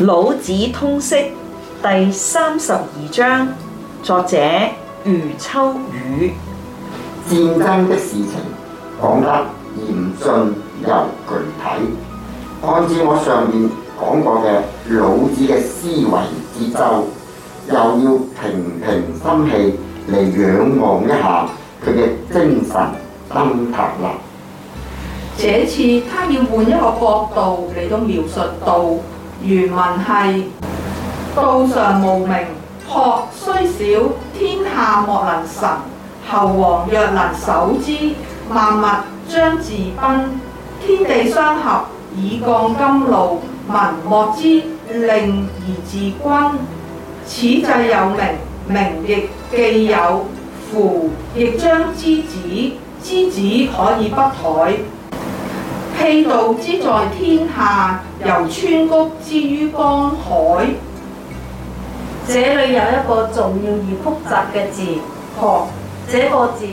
《老子通釋》第三十二章，作者余秋雨。戰爭的事情講得嚴峻又具體。按照我上面講過嘅老子嘅思維節奏，又要平平心氣嚟仰望一下佢嘅精神燈塔啦。這次他要換一個角度嚟到描述道。原文係道常無名，朴雖小，天下莫能臣。侯王若能守之，萬物將自賓。天地相合，以降甘露。民莫之令而自均。此制有名，名亦既有，夫亦將知止，知止可以不殆。辟道之在天下，由川谷之於江海。這裡有一個重要而複雜嘅字，樸。這個字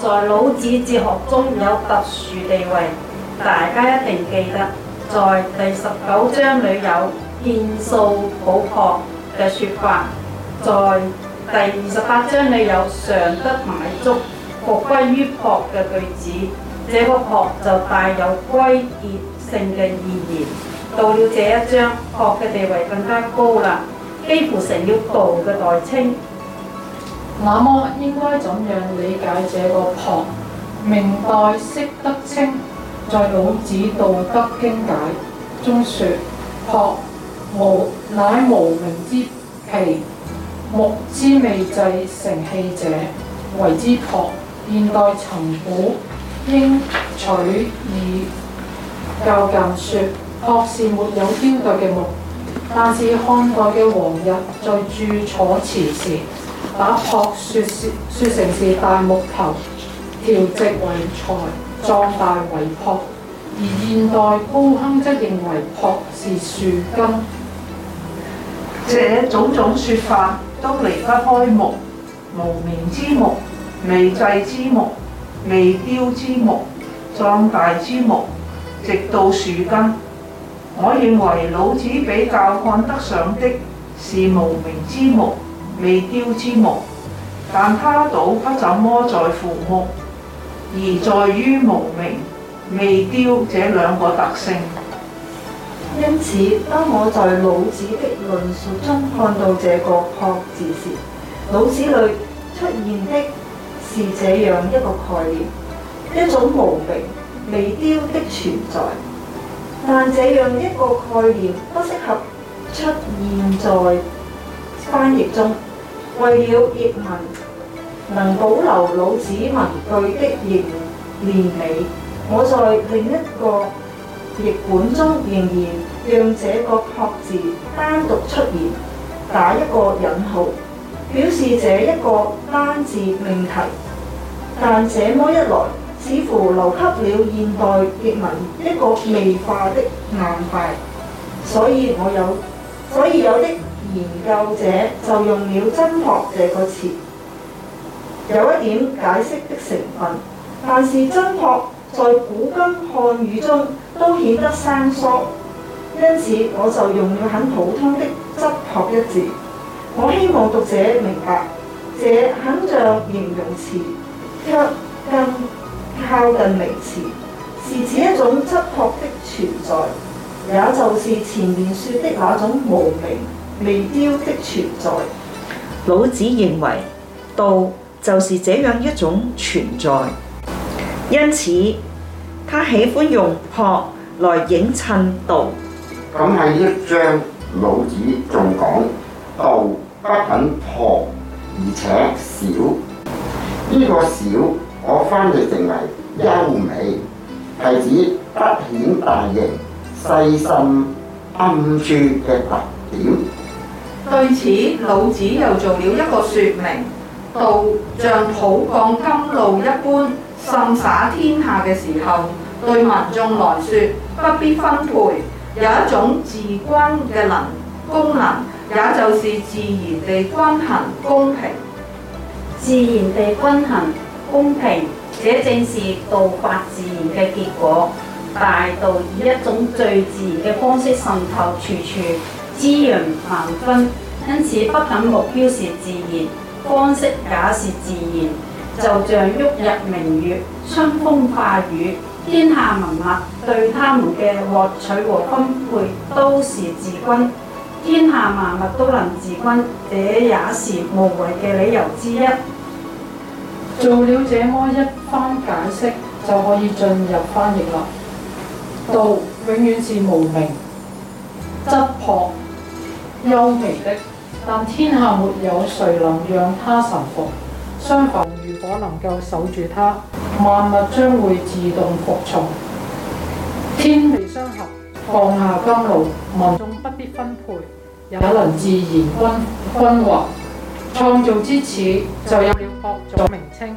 在老子哲學中有特殊地位，大家一定記得。在第十九章裏有見素抱樸嘅說法，在第二十八章裏有常德乃足，復歸於樸嘅句子。這個樸就帶有歸結性嘅意義，到了這一章，樸嘅地位更加高啦，幾乎成了道嘅代稱。那麼應該怎樣理解這個樸？明代釋德清在《老子道德經解》中說：樸無乃無名之皮，木之未製成器者，為之樸。現代陳鼓。應取以靠近說，樸是沒有雕琢嘅木。但是漢代嘅王逸在注《楚辭》時，把樸説説成是大木頭，條直為材，壯大為朴。而現代高亨則認為朴是樹根。這種種說法都離不開木，無名之木，未製之木。未雕之木，壯大之木，直到樹根。我認為老子比較看得上的是無名之木、未雕之木，但他倒不怎麼在乎木，而在於無名、未雕這兩個特性。因此，當我在老子的論述中看到這個“朴”字時，腦子裏出現的。是這樣一個概念，一種無名未雕的存在。但這樣一個概念不適合出現在翻譯中。為了譯文能保留老子文句的凝練美，我在另一個譯本中仍然讓這個樸字單獨出現，打一個引號。表示這一個單字命題，但這麼一來，似乎留給了現代譯文一個未化的硬塊，所以我有，所以有的研究者就用了真樸這個詞，有一點解釋的成分，但是真樸在古今漢語中都顯得生疏，因此我就用了很普通的質樸一字。我希望讀者明白，這很像形容詞，卻更靠近名詞，是指一種質樸的存在，也就是前面說的那種無名、未雕的存在。老子認為道就是這樣一種存在，因此他喜歡用樸來映襯道。咁喺一章，老子仲講。道不僅薄，而且小。呢、這個小，我翻譯成為優美，係指不顯大型、細心、暗處嘅特點。對此，老子又做了一個說明：道像普降甘露一般，甚灑天下嘅時候，對民眾來說不必分配，有一種自關嘅能功能。也就是自然地均衡公平，自然地均衡公平，這正是道法自然嘅結果。大道以一種最自然嘅方式滲透處處，滋養萬分。因此，不僅目標是自然，方式也是自然。就像旭日明月，春風化雨，天下萬物對他們嘅獲取和分配都是自均。天下萬物都能自君，這也是無為嘅理由之一。做了這麼一番解釋，就可以進入翻譯啦。道永遠是無名、質朴、幽微的，但天下沒有誰能讓它臣服。相反，如果能夠守住它，萬物將會自動服從。天地相合，放下甘露，萬中。必分配，也能自然均均和。創造之始，就有了各種名稱。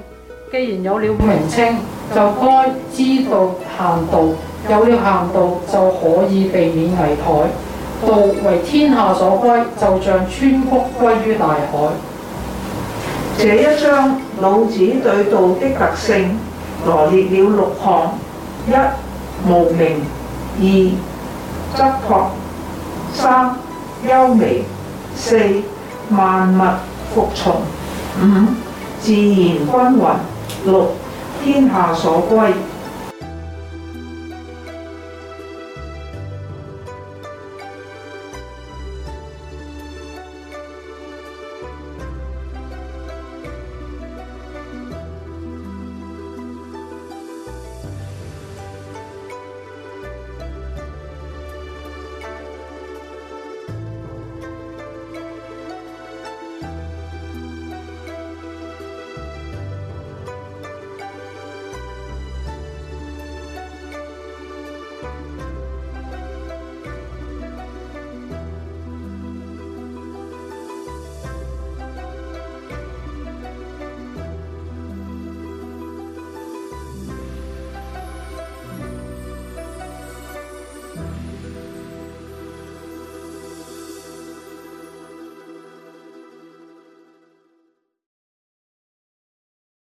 既然有了名稱，就該知道限度。有了限度，就可以避免危殆。道為天下所歸，就像川谷歸於大海。這一章老子對道的特性羅列了六項：一無名，二執著。三優美，四萬物服從，五自然均匀，六天下所歸。